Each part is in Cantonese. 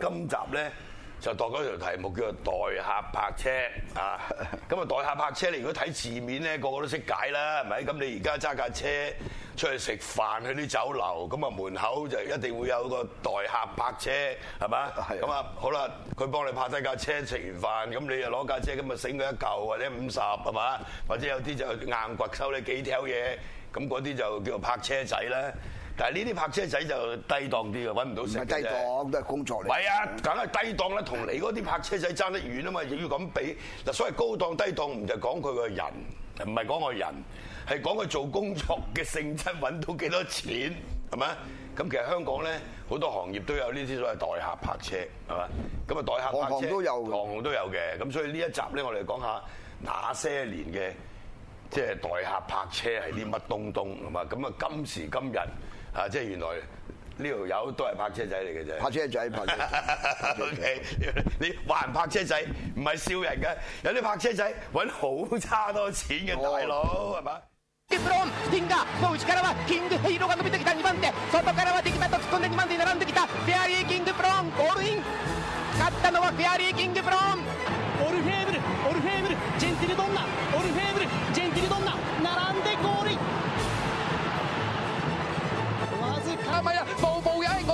今集咧就度咗條題目叫做代客泊車啊！咁啊 代客泊車，你如果睇字面咧，個個都識解啦，係咪？咁你而家揸架車出去食飯，去啲酒樓，咁啊門口就一定會有個代客泊車，係嘛？咁啊 好啦，佢幫你泊低架車，食完飯，咁你又攞架車，咁啊醒佢一嚿或者五十，係嘛？或者有啲就硬掘收你幾條嘢，咁嗰啲就叫做泊車仔咧。但係呢啲泊車仔就低檔啲嘅，揾唔到食啫。低檔、就係、都係工作嚟。係啊，梗係低檔啦，同你嗰啲泊車仔爭得遠啊嘛！要咁比，嗱，所謂高檔低檔唔就講佢個人，唔係講個人，係講佢做工作嘅性質，揾到幾多錢係咪？咁其實香港咧好多行業都有呢啲所謂代客泊車係咪？咁啊代客泊車都有。行行都有嘅，咁所以呢一集咧，我哋講下那些年嘅即係代客泊車係啲乜東東係咪？咁啊今時今日。啊！即係原來呢條友都係泊車仔嚟嘅啫，泊車仔，泊車仔。OK，你話泊車仔唔係笑人嘅，有啲泊車仔搵好差多錢嘅大佬，係嘛？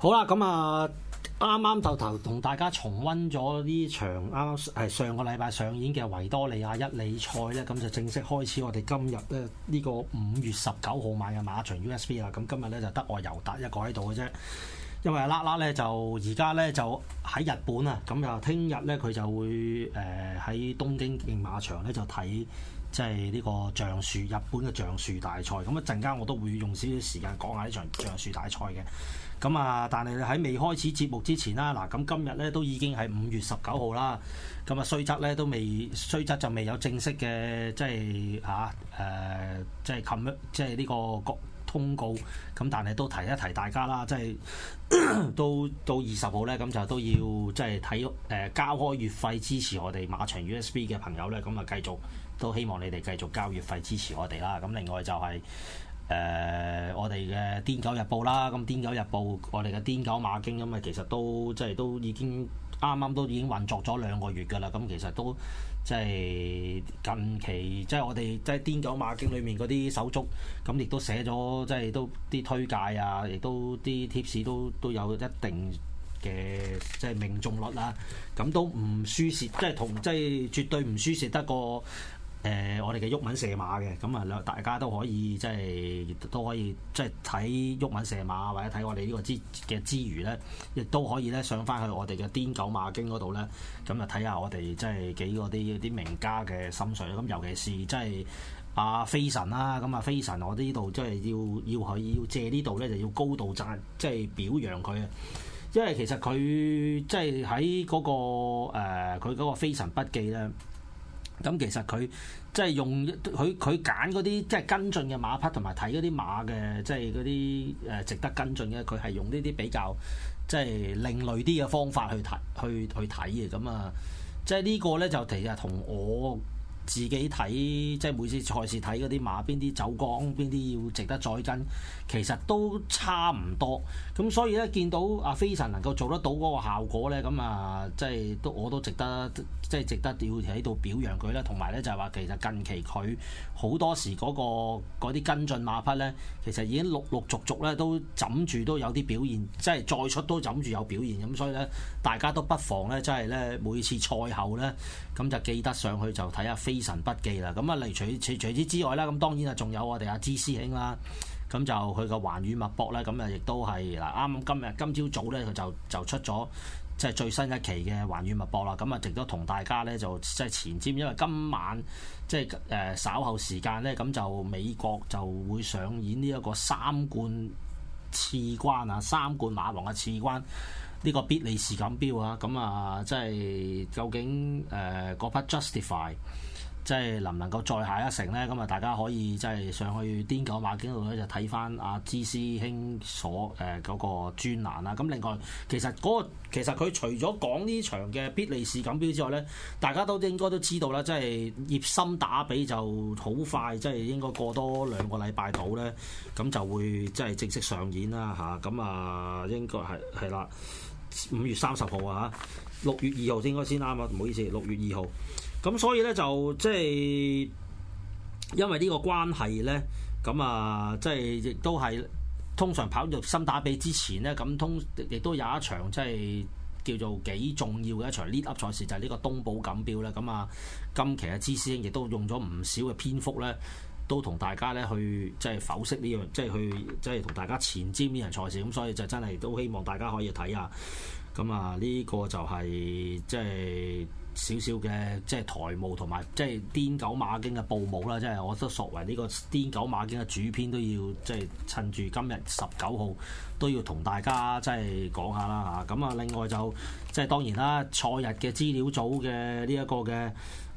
好啦，咁啊，啱啱就頭同大家重温咗呢場啱啱係上個禮拜上演嘅維多利亞一哩賽咧，咁就正式開始我哋今日咧呢個五月十九號晚嘅馬場 USB 啦。咁今日咧就得我尤達一個喺度嘅啫，因為拉拉咧就而家咧就喺日本啊，咁又聽日咧佢就會誒喺東京競馬場咧就睇即係呢個橡樹日本嘅橡樹大賽。咁一陣間我都會用少少時間講下呢場橡樹大賽嘅。咁啊！但係喺未開始節目之前啦，嗱，咁今日咧都已經係五月十九號啦。咁啊，雖則咧都未，雖則就未有正式嘅，即係吓，誒、啊，即係冚，即係呢個公通告。咁但係都提一提大家啦，即係都到二十號咧，咁就都要即係睇誒交開月費支持我哋馬場 USB 嘅朋友咧，咁啊繼續都希望你哋繼續交月費支持我哋啦。咁另外就係、是。誒、呃，我哋嘅《癲狗日報》啦，咁《癲狗日報》，我哋嘅《癲狗馬經》咁啊，其實都即係都已經啱啱都已經運作咗兩個月㗎啦。咁其實都即係近期，即係我哋即係《癲狗馬經》裏面嗰啲手足，咁亦都寫咗，即係都啲推介啊，亦都啲貼士都都有一定嘅即係命中率啦。咁都唔輸蝕，即係同即係絕對唔輸蝕得過。誒、呃，我哋嘅鬱文射馬嘅，咁啊大家都可以，即係都可以，即係睇鬱文射馬，或者睇我哋呢個之嘅之餘咧，亦都可以咧上翻去我哋嘅《癲九馬經》嗰度咧，咁啊睇下我哋即係幾個啲啲名家嘅心水咁，尤其是即係阿飛神啦、啊，咁啊飛神我，我哋呢度即係要要去要借呢度咧，就要高度贊，即係表揚佢，因為其實佢即係喺嗰個佢嗰、呃、個飛神筆記咧。咁其實佢即係用佢佢揀嗰啲即係跟進嘅馬匹，同埋睇嗰啲馬嘅即係嗰啲誒值得跟進嘅，佢係用呢啲比較即係另類啲嘅方法去睇去去睇嘅。咁啊，即係呢個咧就其實同我，自己睇即係每次賽事睇啲馬邊啲走光，邊啲要值得再跟，其實都差唔多。咁所以咧，見到阿飛神能夠做得到個效果咧，咁啊，即係都我都值得，即係值得要喺度表揚佢啦。同埋咧就係話其實近期佢好多時，嗰啲跟進馬匹咧，其實已經陸陸續續咧都枕住都有啲表現，即係再出都枕住有表現，咁所以咧，大家都不妨咧，即係咧每次賽後咧，咁就記得上去就睇下飛。依神不記啦，咁啊，離、 嗯、除除，除此之外啦，咁當然啊，仲有我哋阿 T 師兄啦，咁就佢個環宇脈搏咧，咁啊，亦都係嗱，啱今日今朝早咧，佢就就出咗即係最新一期嘅環宇脈搏啦。咁啊，值得同大家咧就即係前瞻，因為今晚即係誒、呃、稍後時間咧，咁就美國就會上演呢一個三冠次關啊，三冠馬王嘅次關呢、呢個必利時錦標啊。咁啊，即係究竟誒嗰匹 justify？即係能唔能夠再下一城呢？咁啊，大家可以即係上去癲狗馬經度咧，就睇翻阿芝師兄所誒嗰個專欄啦。咁另外，其實嗰、嗰個、其實佢除咗講呢場嘅必利是錦標之外呢，大家都應該都知道啦。即係葉森打比就好快，即係應該過多兩個禮拜到呢，咁就會即係正式上演啦嚇。咁啊，應該係係啦，五月三十號啊嚇，六月二號先應該先啱啊。唔好意思，六月二號。咁所以咧就即係因為呢個關係咧，咁啊即係亦都係通常跑入深打比之前咧，咁通亦都有一場即係叫做幾重要嘅一場 lead up 賽事，就係、是、呢個東保錦標咧。咁啊，今期嘅芝師兄亦都用咗唔少嘅篇幅咧，都同大家咧去即係剖析呢樣，即、就、係、是這個就是、去即係同大家前瞻呢場賽事。咁所以就真係都希望大家可以睇下。咁啊，呢、這個就係即係。就是就是少少嘅即係台務同埋即係癲狗馬經嘅部務啦，即係我覺得作為呢個癲狗馬經嘅主編都要即係趁住今日十九號都要同大家即係講下啦嚇。咁啊，另外就即係當然啦，賽日嘅資料組嘅呢一個嘅誒、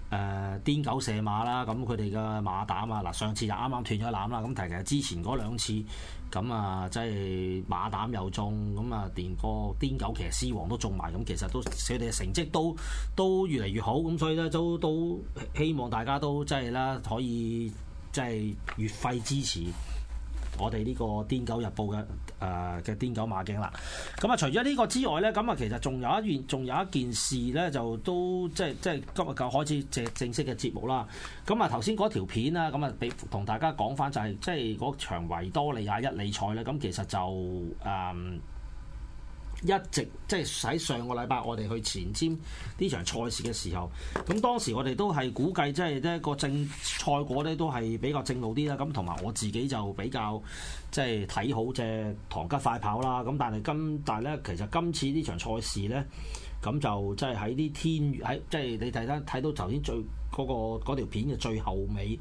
呃、癲狗射馬啦，咁佢哋嘅馬膽啊，嗱上次就啱啱斷咗纜啦，咁提其實之前嗰兩次。咁啊，即係馬膽又中，咁啊，電哥、癲狗、騎師王都中埋，咁其實都佢哋嘅成績都都越嚟越好，咁所以咧都都希望大家都即係啦，可以即係月費支持。我哋呢個《癲狗日報》嘅誒嘅《癲、呃、狗馬經》啦，咁啊除咗呢個之外咧，咁啊其實仲有一件，仲有一件事咧，就都即係即係今日嘅開始正正式嘅節目啦。咁啊頭先嗰條片啦，咁啊俾同大家講翻就係即係嗰場維多利亞一哩賽咧，咁其實就誒。嗯一直即係喺上個禮拜，我哋去前瞻呢場賽事嘅時候，咁當時我哋都係估計即係呢個正賽果咧都係比較正路啲啦。咁同埋我自己就比較即係睇好隻唐吉快跑啦。咁但係今但係咧，其實今次呢場賽事咧，咁就，就即係喺啲天喺即係你睇得睇到頭先最嗰、嗰個嗰條片嘅最後尾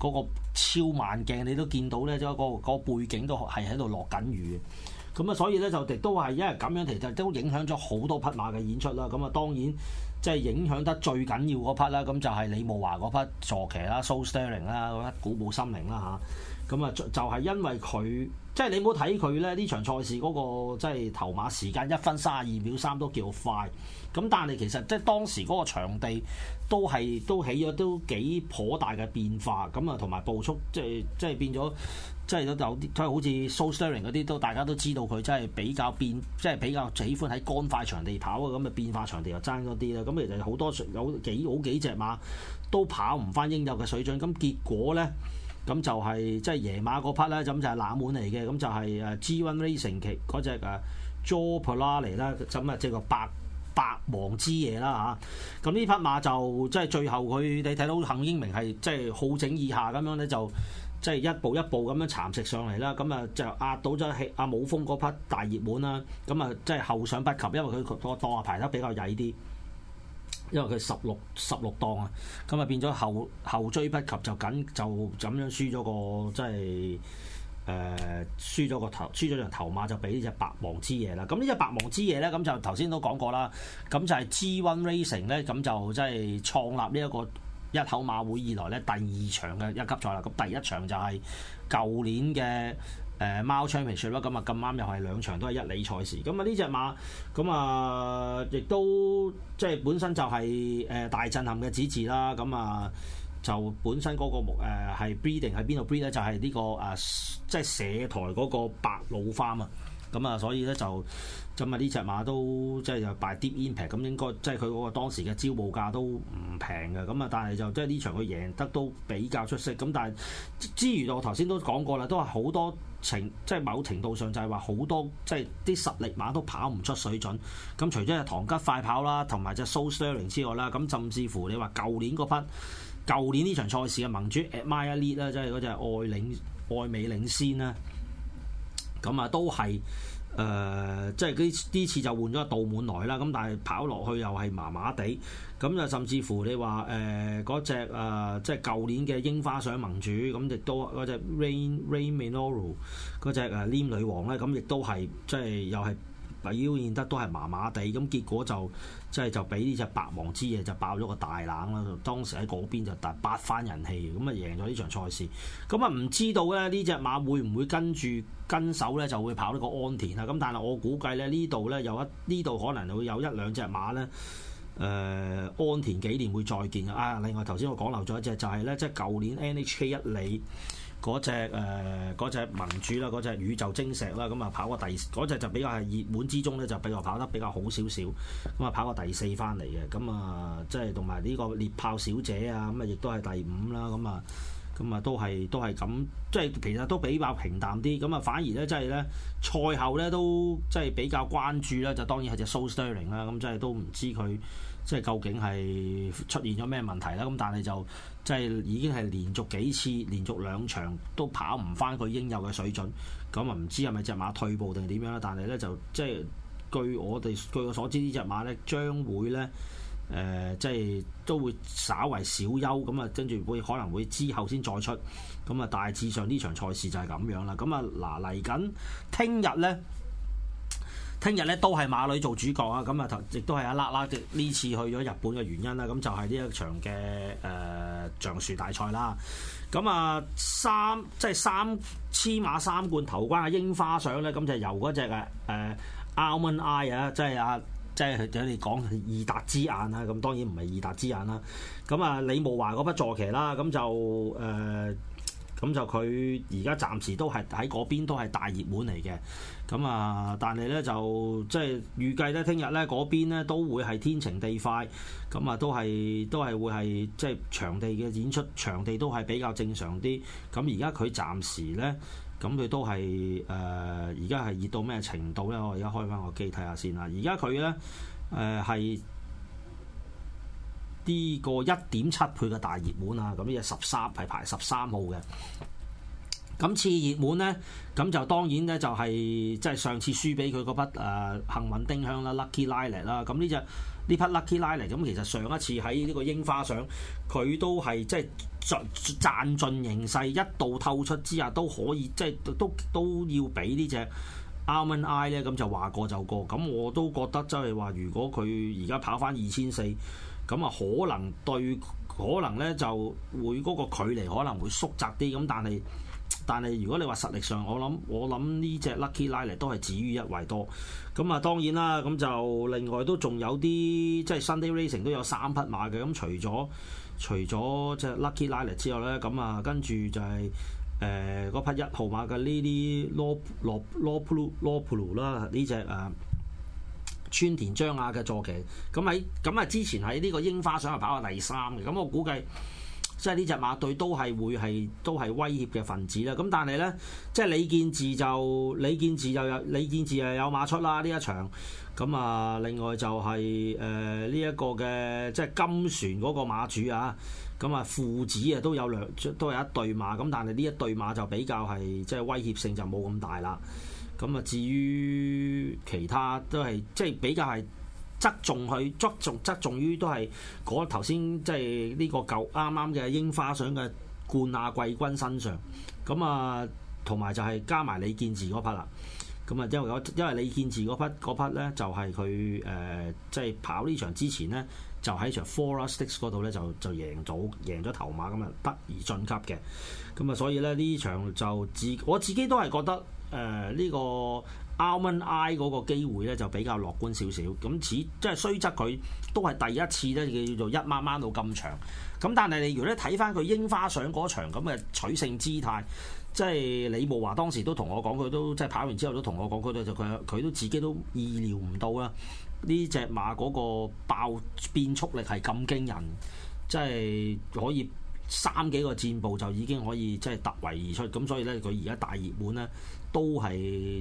嗰、嗰個超慢鏡，你都見到咧，即、那、係個、嗰個背景都係喺度落緊雨。咁啊，所以咧就亦都係因為咁樣，其實都影響咗好多匹馬嘅演出啦。咁啊，當然即係影響得最緊要嗰匹啦，咁就係李慕華嗰匹坐騎啦，Soul Stirring 啦，嗰匹古堡森林啦吓，咁啊，就係因為佢。即係你唔好睇佢咧，呢場賽事嗰個即係頭馬時間一分三十二秒三都叫快，咁但係其實即係當時嗰個場地都係都起咗都幾頗大嘅變化，咁啊同埋步速即係即係變咗，即係有有即係好似 Soul Stirring 嗰啲都大家都知道佢真係比較變，即係比較喜歡喺乾快場地跑啊，咁啊變化場地又爭多啲啦，咁其實好多有幾好幾隻馬都跑唔翻應有嘅水準，咁結果咧。咁就係即係野馬嗰匹咧，就咁、是、就係冷門嚟嘅，咁就係誒 G1 Racing 期嗰隻誒 Jour Polaire 嚟啦，咁啊即係個白芒之夜啦嚇。咁呢匹馬就即係最後佢你睇到幸英明係即係好整以暇咁樣咧，就即係一步一步咁樣蠶食上嚟啦。咁啊就壓到咗阿武峰嗰匹大熱門啦。咁啊即係後上不及，因為佢個檔啊排得比較曳啲。因為佢十六十六檔啊，咁啊變咗後後追不及就緊就咁樣輸咗個即係誒、呃、輸咗個頭輸咗場頭馬就俾呢隻白芒之夜啦。咁呢隻白芒之夜咧，咁就頭先都講過啦。咁就係 G1 Racing 咧，咁就即係創立呢、這、一個。一口馬會以來咧，第二場嘅一級賽啦，咁第一場就係舊年嘅誒貓昌皮雪啦，咁啊咁啱又係兩場都係一哩賽事，咁啊呢隻馬咁啊亦都即係本身就係誒大震撼嘅子嗣啦，咁啊就本身嗰個木誒係 breeding 喺邊度 breed 咧，就係呢個誒即係社台嗰個白老花嘛。咁啊、嗯，所以咧就咁啊，呢隻馬都即係就 by Deep Impact 咁應該即係佢嗰個當時嘅招募價都唔平嘅。咁啊，但係就即係呢場佢贏得都比較出色。咁但係之,之餘就我頭先都講過啦，都係好多情，即係某程度上就係話好多即係啲實力馬都跑唔出水準。咁除咗唐吉快跑啦，同埋隻 Soul Stirring 之外啦，咁甚至乎你話舊年嗰匹、舊年呢場賽事嘅盟主 Admire Lead 啦，即係嗰隻愛領愛美領先啦。咁啊，都係誒、呃，即係呢呢次就換咗道滿來啦。咁但係跑落去又係麻麻地。咁啊，甚至乎你話誒嗰隻啊，即係舊年嘅櫻花賞盟主咁，亦都嗰隻 Rain Rain Minoru 嗰隻啊 Reine 女王咧，咁亦都係即係又係。表現得都係麻麻地，咁結果就即係就俾呢隻白芒之夜就爆咗個大冷啦。當時喺嗰邊就大八番人氣，咁啊贏咗呢場賽事。咁啊唔知道咧呢隻馬會唔會跟住跟手咧就會跑呢個安田啊？咁但係我估計咧，呢度咧有一呢度可能會有一兩隻馬咧誒、呃、安田紀念會再見啊。另外頭先我講漏咗一隻，就係咧即係舊年 N H K 一哩。嗰隻誒嗰隻民主啦，嗰隻宇宙晶石啦，咁啊跑過第嗰隻就比較係熱門之中咧，就比較跑得比較好少少，咁啊跑過第四翻嚟嘅，咁啊即係同埋呢個獵豹小姐啊，咁啊亦都係第五啦，咁啊咁啊都係都係咁，即係其實都比較平淡啲，咁啊反而咧即係咧賽後咧都即係比較關注咧，就當然係隻 Soul Stirling 啦，咁即係都唔知佢。即係究竟係出現咗咩問題啦？咁但係就即係已經係連續幾次、連續兩場都跑唔返佢應有嘅水準，咁啊唔知係咪隻馬退步定係點樣啦？但係咧就即係據我哋據我所知呢隻馬咧將會咧誒、呃、即係都會稍為小休，咁啊跟住會可能會之後先再出，咁啊大致上呢場賽事就係咁樣啦。咁啊嗱嚟緊聽日咧。聽日咧都係馬女做主角啊！咁啊，亦都係一粒粒。呢次去咗日本嘅原因啦，咁就係、是、呢一場嘅誒橡樹大賽啦。咁啊三即係三黐馬三冠頭關嘅櫻花賞咧，咁、嗯、就是、由嗰隻嘅誒 Almond Eye 啊，即係啊，即係人哋講二達之眼啊。咁當然唔係二達之眼啦。咁、嗯、啊李慕華嗰匹坐騎啦，咁、嗯、就誒。呃咁就佢而家暫時都係喺嗰邊都係大熱門嚟嘅。咁啊，但係呢，就即係、就是、預計呢，聽日呢嗰邊呢都會係天晴地快。咁啊，都係都係會係即係場地嘅演出，場地都係比較正常啲。咁而家佢暫時呢，咁佢都係誒而家係熱到咩程度呢？我而家開返個機睇下先啦。而家佢呢，誒、呃、係。呢個一點七倍嘅大熱門啊，咁呢隻十三係排十三號嘅。咁次熱門呢，咁就當然呢，就係即係上次輸俾佢嗰匹幸運丁香啦，Lucky Lilac 啦。咁呢隻呢匹 Lucky Lilac 咁，其實上一次喺呢個櫻花賞佢都係即係賺賺盡形勢，一度透出之下都可以，即係都都要俾呢隻 Almond Eye 呢。咁就話過就過，咁我都覺得即係話，如果佢而家跑翻二千四。咁啊，可能對，可能咧就會嗰個距離可能會縮窄啲，咁但係但係如果你話實力上，我諗我諗呢隻 Lucky Line 都係止於一位多。咁啊，當然啦，咁就另外都仲有啲即係 Sunday Racing 都有三匹馬嘅。咁除咗除咗隻 Lucky Line 之外咧，咁啊跟住就係誒嗰匹一號馬嘅呢啲羅羅羅普羅羅普魯啦，呢隻啊。川田將雅嘅坐騎，咁喺咁啊之前喺呢個櫻花賞係跑過第三嘅，咁我估計即係呢隻馬隊都係會係都係威脅嘅分子啦。咁但係咧，即係李建智，就李建智就，就有李建智又有馬出啦呢一場。咁啊，另外就係誒呢一個嘅即係金船嗰個馬主啊，咁啊父子啊都有兩都有一對馬，咁但係呢一對馬就比較係即係威脅性就冇咁大啦。咁啊，至於其他都係即係比較係側重去，側重側重於都係嗰頭先即係呢個舊啱啱嘅櫻花賞嘅冠亞季軍身上。咁啊，同埋就係加埋李建治嗰匹啦。咁啊，因為因為李建治嗰匹嗰匹咧，就係佢誒即係跑呢場之前咧，就喺場 Four Six t 嗰度咧就就贏咗贏咗頭馬，咁啊得而進級嘅。咁啊，所以咧呢場就、嗯、自我自己都係覺得。誒呢、呃呢個 Almond Eye 嗰個機會咧就比較樂觀少少，咁似即係雖則佢都係第一次咧，叫做一掹掹到咁長。咁但係你如果睇翻佢櫻花賞嗰場咁嘅取勝姿態，即係李慕華當時都同我講，佢都即係跑完之後都同我講，佢都佢都自己都意料唔到啊！呢隻馬嗰個爆變速力係咁驚人，即係可以三幾個箭步就已經可以即係突圍而出，咁所以咧佢而家大熱門咧。都係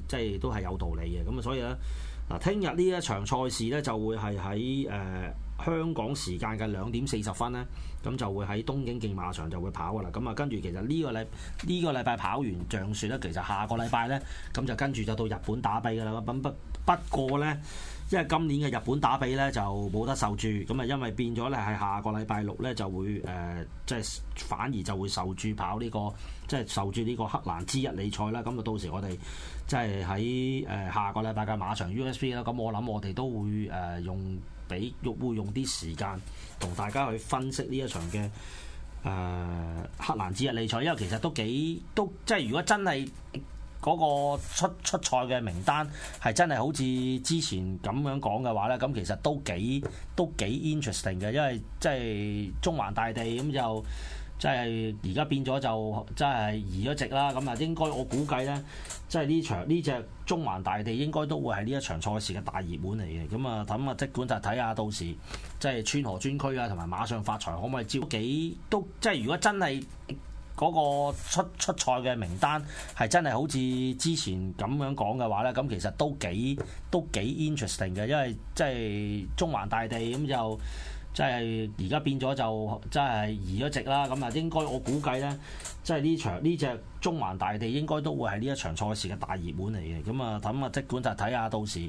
即係都係有道理嘅，咁啊所以咧，嗱，聽日呢一場賽事咧就會係喺誒香港時間嘅兩點四十分咧，咁就會喺東京競馬場就會跑噶啦，咁啊跟住其實呢個禮呢、這個禮拜跑完橡雪咧，其實下個禮拜咧咁就跟住就到日本打比噶啦，咁不不，不過咧。因為今年嘅日本打比咧就冇得受注。咁啊因為變咗咧係下個禮拜六咧就會誒，即、呃、係、就是、反而就會受注跑呢、這個即係、就是、受注呢個黑蘭之一哩賽啦。咁啊到時我哋即係喺誒下個禮拜嘅馬場 USB 啦。咁我諗我哋都會誒用俾、呃、用會用啲時間同大家去分析呢一場嘅誒克蘭之一哩賽，因為其實都幾都即係如果真係。嗰個出出賽嘅名單係真係好似之前咁樣講嘅話呢。咁其實都幾都幾 interesting 嘅，因為即係中環大地咁就即係而家變咗就即係移咗籍啦。咁啊，應該我估計呢，即係呢場呢隻中環大地應該都會係呢一場賽事嘅大熱門嚟嘅。咁啊，咁啊，即管就睇下到時即係川河專區啊，同埋馬上發財可唔可以招幾都即係、即係、如果真係。嗰個出出賽嘅名單係真係好似之前咁樣講嘅話呢。咁其實都幾都幾 interesting 嘅，因為即係中環大地咁就即係而家變咗就即係移咗籍啦。咁啊，應該我估計呢，即係呢場呢隻中環大地應該都會係呢一場賽事嘅大熱門嚟嘅。咁啊，咁啊，即管就睇下到時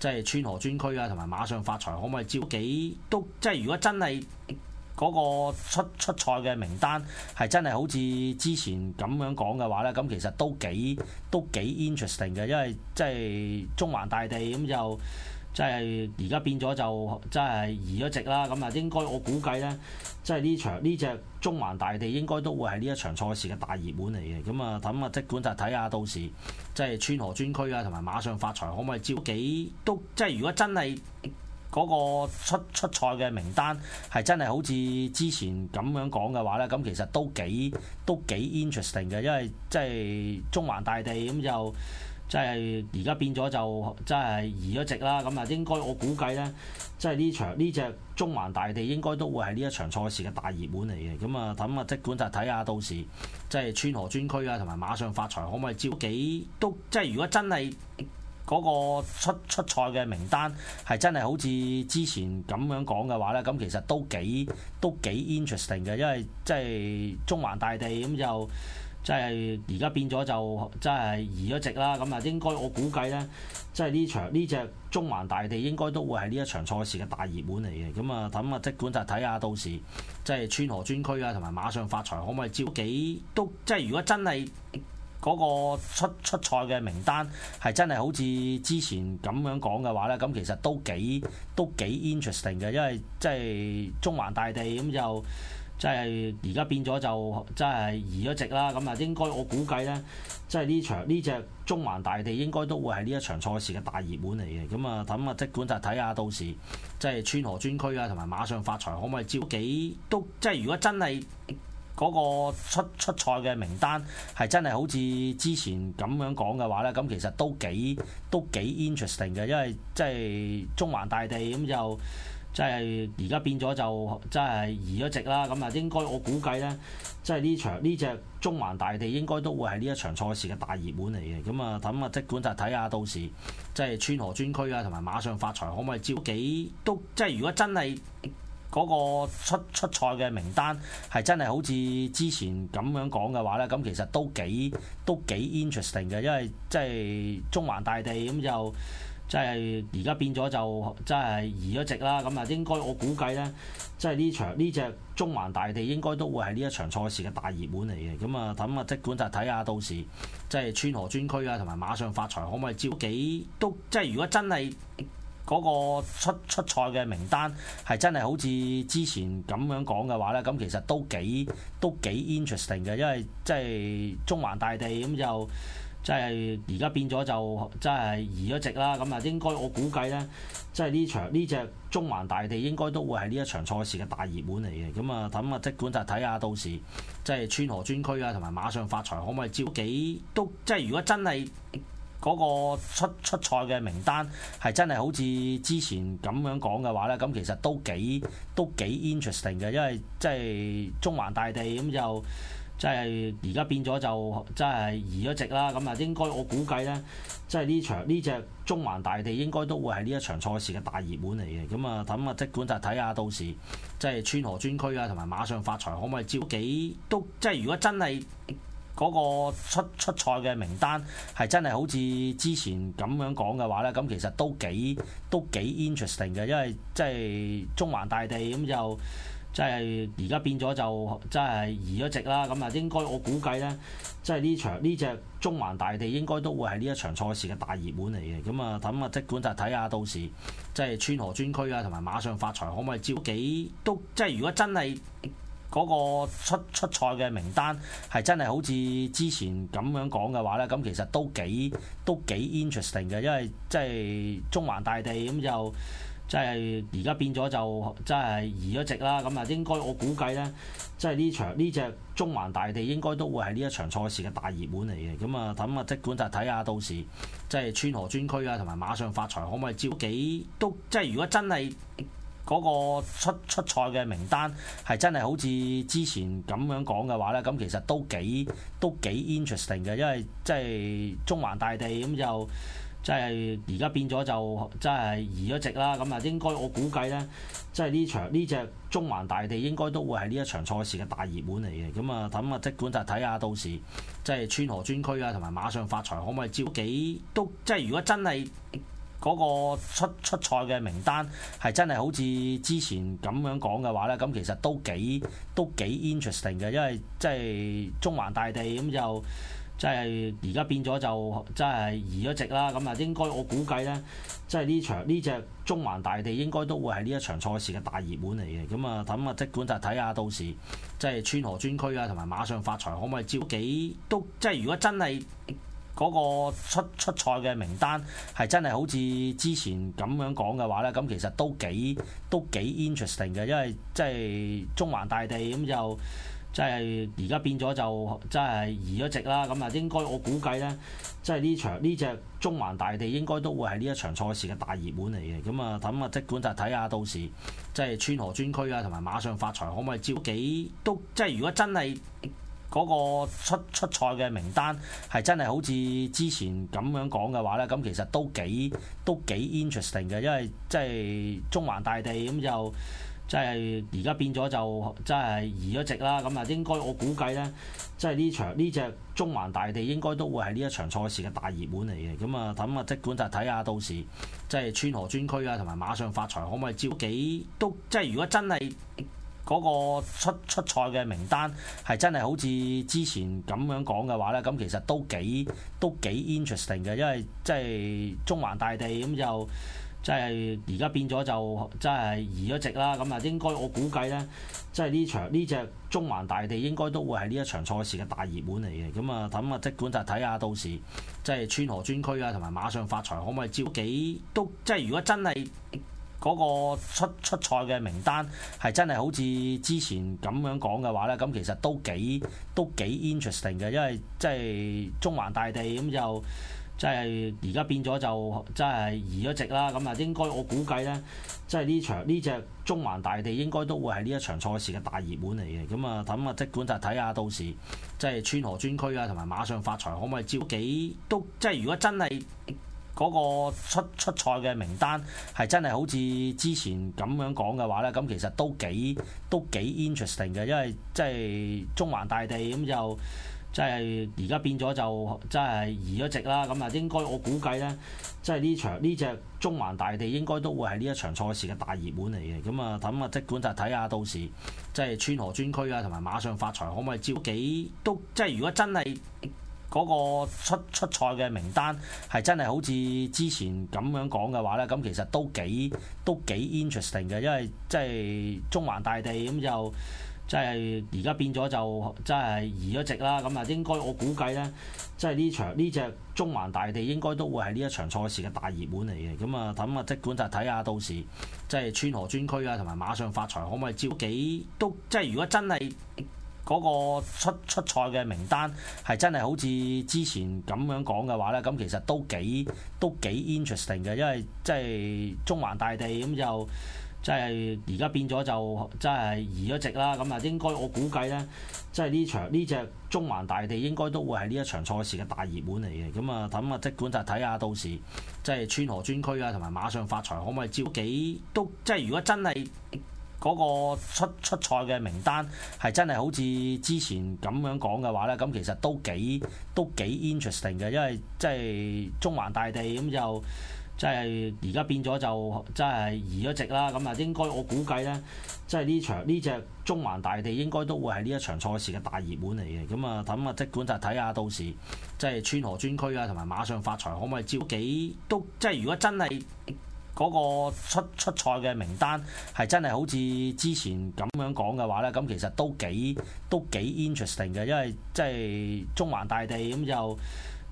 即係川河專區啊，同埋馬上發財可唔可以招幾都？即係如果真係。嗰個出出賽嘅名單係真係好似之前咁樣講嘅話呢。咁其實都幾都幾 interesting 嘅，因為即係中環大地咁就即係而家變咗就即係移咗籍啦。咁啊，應該我估計呢，即係呢場呢隻中環大地應該都會係呢一場賽事嘅大熱門嚟嘅。咁啊，咁啊，即管就睇下到時即係川河專區啊，同埋馬上發財可唔可以招幾都？即係、即係、如果真係。嗰個出出賽嘅名單係真係好似之前咁樣講嘅話呢。咁其實都幾都幾 interesting 嘅，因為即係中環大地咁就即係而家變咗就即係移咗籍啦。咁啊，應該我估計呢，即係呢場呢隻中環大地應該都會係呢一場賽事嘅大熱門嚟嘅。咁啊，咁啊，即管就睇下到時即係川河專區啊，同埋馬上發財可唔可以招幾都？即係如果真係。嗰個出出賽嘅名單係真係好似之前咁樣講嘅話呢。咁其實都幾都幾 interesting 嘅，因為即係中環大地咁就即係而家變咗就即係移咗籍啦。咁啊，應該我估計呢，即係呢場呢隻中環大地應該都會係呢一場賽事嘅大熱門嚟嘅。咁啊，咁啊，即管就睇下到時即係川河專區啊，同埋馬上發財可唔可以招幾都？即係、即係、如果真係。嗰個出出賽嘅名單係真係好似之前咁樣講嘅話呢。咁其實都幾都幾 interesting 嘅，因為即係中環大地咁就即係而家變咗就即係移咗籍啦。咁啊，應該我估計呢，即係呢場呢隻中環大地應該都會係呢一場賽事嘅大熱門嚟嘅。咁啊，咁啊，即管就睇下到時即係川河專區啊，同埋馬上發財可唔可以招幾都？即係如果真係。嗰個出出賽嘅名單係真係好似之前咁樣講嘅話呢。咁其實都幾都幾 interesting 嘅，因為即係中環大地咁就即係而家變咗就即係移咗籍啦。咁啊，應該我估計呢，即係呢場呢隻中環大地應該都會係呢一場賽事嘅大熱門嚟嘅。咁啊，諗啊，即管就睇下到時即係川河專區啊，同埋馬上發財可唔可以招幾都？即係如果真係。嗰個出出賽嘅名單係真係好似之前咁樣講嘅話呢。咁其實都幾都幾 interesting 嘅，因為即係中環大地咁就即係而家變咗就即係移咗籍啦。咁啊，應該我估計呢，即係呢場呢隻中環大地應該都會係呢一場賽事嘅大熱門嚟嘅。咁啊，咁啊，即管就睇下到時即係川河專區啊，同埋馬上發財可唔可以招幾都？即係如果真係。嗰個出出賽嘅名單係真係好似之前咁樣講嘅話呢。咁其實都幾都幾 interesting 嘅，因為即係中環大地咁就即係而家變咗就即係移咗籍啦。咁啊，應該我估計呢，即係呢場呢隻中環大地應該都會係呢一場賽事嘅大熱門嚟嘅。咁啊，咁啊，即管就睇下到時即係川河專區啊，同埋馬上發財可唔可以招幾都？即係如果真係。嗰個出出賽嘅名單係真係好似之前咁樣講嘅話呢。咁其實都幾都幾 interesting 嘅，因為即係中環大地咁就即係而家變咗就即係移咗籍啦。咁啊，應該我估計呢，即係呢場呢隻中環大地應該都會係呢一場賽事嘅大熱門嚟嘅。咁啊，咁啊，即管就睇下到時即係川河專區啊，同埋馬上發財可唔可以招幾都？即係如果真係。嗰個出出賽嘅名單係真係好似之前咁樣講嘅話呢。咁其實都幾都幾 interesting 嘅，因為即係中環大地咁就即係而家變咗就即係移咗籍啦。咁啊，應該我估計呢，即係呢場呢隻中環大地應該都會係呢一場賽事嘅大熱門嚟嘅。咁啊，咁啊，即管就睇下到時即係川河專區啊，同埋馬上發財可唔可以照都幾都，即係如果真係。嗰個出出賽嘅名單係真係好似之前咁樣講嘅話呢。咁其實都幾都幾 interesting 嘅，因為即係中環大地咁就即係而家變咗就即係移咗籍啦。咁啊，應該我估計呢，即係呢場呢隻中環大地應該都會係呢一場賽事嘅大熱門嚟嘅。咁啊，咁啊，即管就睇下到時即係川河專區啊，同埋馬上發財可唔可以招幾都？即係如果真係。嗰個出出賽嘅名單係真係好似之前咁樣講嘅話呢。咁其實都幾都幾 interesting 嘅，因為即係中環大地咁就即係而家變咗就即係移咗籍啦。咁啊，應該我估計呢，即係呢場呢隻中環大地應該都會係呢一場賽事嘅大熱門嚟嘅。咁啊，咁啊，即管就睇下到時即係川河尊駒啊，同埋馬上發財可唔可以照都幾都即係、就是、如果真係。嗰個出出賽嘅名單係真係好似之前咁樣講嘅話呢。咁其實都幾都幾 interesting 嘅，因為即係中環大地咁就即係而家變咗就即係移咗籍啦。咁啊，應該我估計呢，即係呢場呢隻中環大地應該都會係呢一場賽事嘅大熱門嚟嘅。咁啊，咁啊，即管就睇下到時即係川河專區啊，同埋馬上發財可唔可以招幾都？即係如果真係。嗰個出出賽嘅名單係真係好似之前咁樣講嘅話呢。咁其實都幾都幾 interesting 嘅，因為即係中環大地咁就即係而家變咗就即係移咗籍啦。咁啊，應該我估計呢，即係呢場呢隻中環大地應該都會係呢一場賽事嘅大熱門嚟嘅。咁啊，咁啊，即管就睇下到時即係川河專區啊，同埋馬上發財可唔可以照都幾都，即係如果真係。嗰個出出賽嘅名單係真係好似之前咁樣講嘅話呢。咁其實都幾都幾 interesting 嘅，因為即係中環大地咁就即係而家變咗就即係移咗籍啦。咁啊，應該我估計呢，即係呢場呢隻中環大地應該都會係呢一場賽事嘅大熱門嚟嘅。咁啊，咁啊，即管就睇下到時即係川河專區啊，同埋馬上發財可唔可以招幾都？即係如果真係。嗰個出出賽嘅名單係真係好似之前咁樣講嘅話呢。咁其實都幾都幾 interesting 嘅，因為即係中環大地咁就即係而家變咗就即係移咗籍啦。咁啊，應該我估計呢，即係呢場呢隻中環大地應該都會係呢一場賽事嘅大熱門嚟嘅。咁啊，諗啊，即管就睇下到時即係川河專區啊，同埋馬上發財可唔可以照都幾都即係如果真係。嗰個出出賽嘅名單係真係好似之前咁樣講嘅話呢。咁其實都幾都幾 interesting 嘅，因為即係中環大地咁就即係而家變咗就即係、就是、移咗籍啦。咁啊，應該我估計呢，即係呢場呢隻中環大地應該都會係呢一場賽事嘅大熱門嚟嘅。咁啊，咁啊，即管就睇下到時即係川河專區啊，同埋馬上發財可唔可以招幾都？即係如果真係。嗰個出出賽嘅名單係真係好似之前咁樣講嘅話呢。咁其實都幾都幾 interesting 嘅，因為即係中環大地咁就即係而家變咗就即係移咗籍啦。咁啊，應該我估計呢，即係呢場呢隻中環大地應該都會係呢一場賽事嘅大熱門嚟嘅。咁啊，諗啊，即管就睇下到時即係川河專區啊，同埋馬上發財可唔可以招幾都？即係如果真係。嗰個出出賽嘅名單係真係好似之前咁樣講嘅話呢。咁其實都幾都幾 interesting 嘅，因為即係中環大地咁就即係而家變咗就即係、就係、移咗籍啦。咁啊，應該我估計呢，即係呢場呢隻中環大地應該都會係呢一場賽事嘅大熱門嚟嘅。咁啊，咁啊，即管就睇下到時即係川河尊駒啊，同埋馬上發財可唔可以招幾都？即、就、係、係、如果真係。嗰個出出賽嘅名單係真係好似之前咁樣講嘅話呢。咁其實都幾都幾 interesting 嘅，因為即係中環大地咁就即係而家變咗就即係移咗籍啦。咁啊，應該我估計呢，即係呢場呢隻中環大地應該都會係呢一場賽事嘅大熱門嚟嘅。咁啊，諗啊，即管就睇下到時即係川河專區啊，同埋馬上發財可唔可以招幾都即係如果真係。嗰個出出賽嘅名單係真係好似之前咁樣講嘅話呢。咁其實都幾都幾 interesting 嘅，因為即係中環大地咁就即係而家變咗就即係移咗籍啦，咁啊，應該我估計呢，即係呢場呢隻中環大地應該都會係呢一場賽事嘅大熱門嚟嘅，咁啊，咁啊即管就睇下到時即係川河專區啊，同埋馬上發財可唔可以招幾都即係、就是、如果真係。嗰個出出賽嘅名單係真係好似之前咁樣講嘅話呢。咁其實都幾都幾 interesting 嘅，因為即係中環大地咁就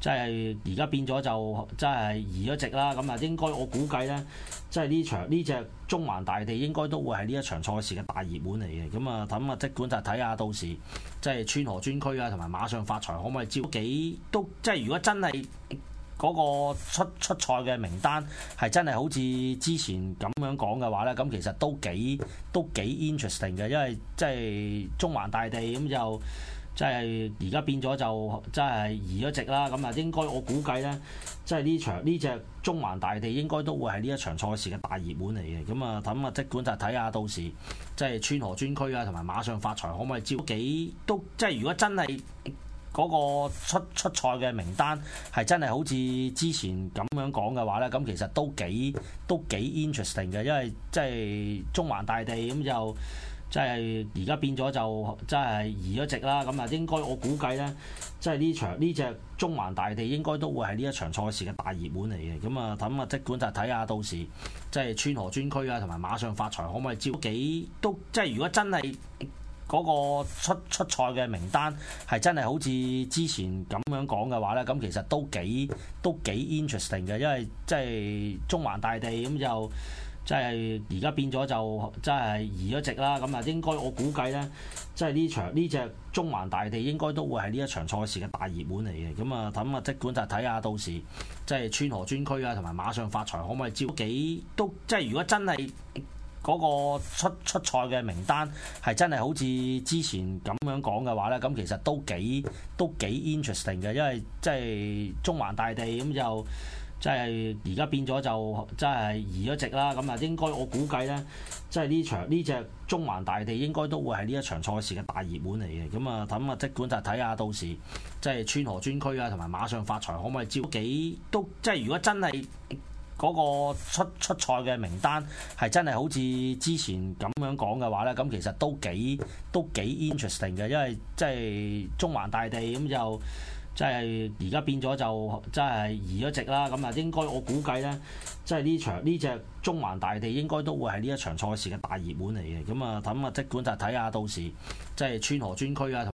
即係而家變咗就即係移咗籍啦。咁啊，應該我估計呢，即係呢場呢隻中環大地應該都會係呢一場賽事嘅大熱門嚟嘅。咁啊，諗啊，即管就睇下到時即係川河專區啊，同埋馬上發財可唔可以招幾都即係如果真係。嗰個出出賽嘅名單係真係好似之前咁樣講嘅話呢。咁其實都幾都幾 interesting 嘅，因為即係中環大地咁就即係而家變咗就真係移咗籍啦。咁啊，應該我估計呢，即係呢場呢隻中環大地應該都會係呢一場賽事嘅大熱門嚟嘅。咁啊，咁啊，即管就睇下到時即係川河專區啊，同埋馬上發財可唔可以招幾都？即係如果真係。嗰個出出賽嘅名單係真係好似之前咁樣講嘅話呢。咁其實都幾都幾 interesting 嘅，因為即係中環大地咁就即係而家變咗就即係移咗籍啦。咁啊，應該我估計呢，即係呢場呢隻中環大地應該都會係呢一場賽事嘅大熱門嚟嘅。咁啊，諗啊，即管就睇下到時即係川河專區啊，同埋馬上發財可唔可以招幾都，即係如果真係。嗰個出出賽嘅名單係真係好似之前咁樣講嘅話呢。咁其實都幾都幾 interesting 嘅，因為即係中環大地咁就即係而家變咗就即係移咗籍啦，咁啊，應該我估計呢，即係呢場呢隻中環大地應該都會係呢一場賽事嘅大熱門嚟嘅，咁啊，等啊即管就睇下到時即係川河專區啊，同埋馬上發財可唔可以招幾都即係如果真係。嗰個出出賽嘅名單係真係好似之前咁樣講嘅話呢。咁其實都幾都幾 interesting 嘅，因為即係中環大地咁就即係而家變咗就即係移咗籍啦。咁啊，應該我估計呢，即係呢場呢隻中環大地應該都會係呢一場賽事嘅大熱門嚟嘅。咁啊，諗啊，即管就睇下到時即係川河專區啊，同埋馬上發財可唔可以招幾都即係、就是、如果真係。個出出賽嘅名單係真係好似之前咁樣講嘅話咧，咁其實都幾都幾 interesting 嘅，因為即係中環大地咁就即係而家變咗就真係移咗席啦，咁啊應該我估計咧，即係呢場呢隻中環大地應該都會係呢一場賽事嘅大熱門嚟嘅，咁啊咁啊即管就睇下到時即係川河專區啊。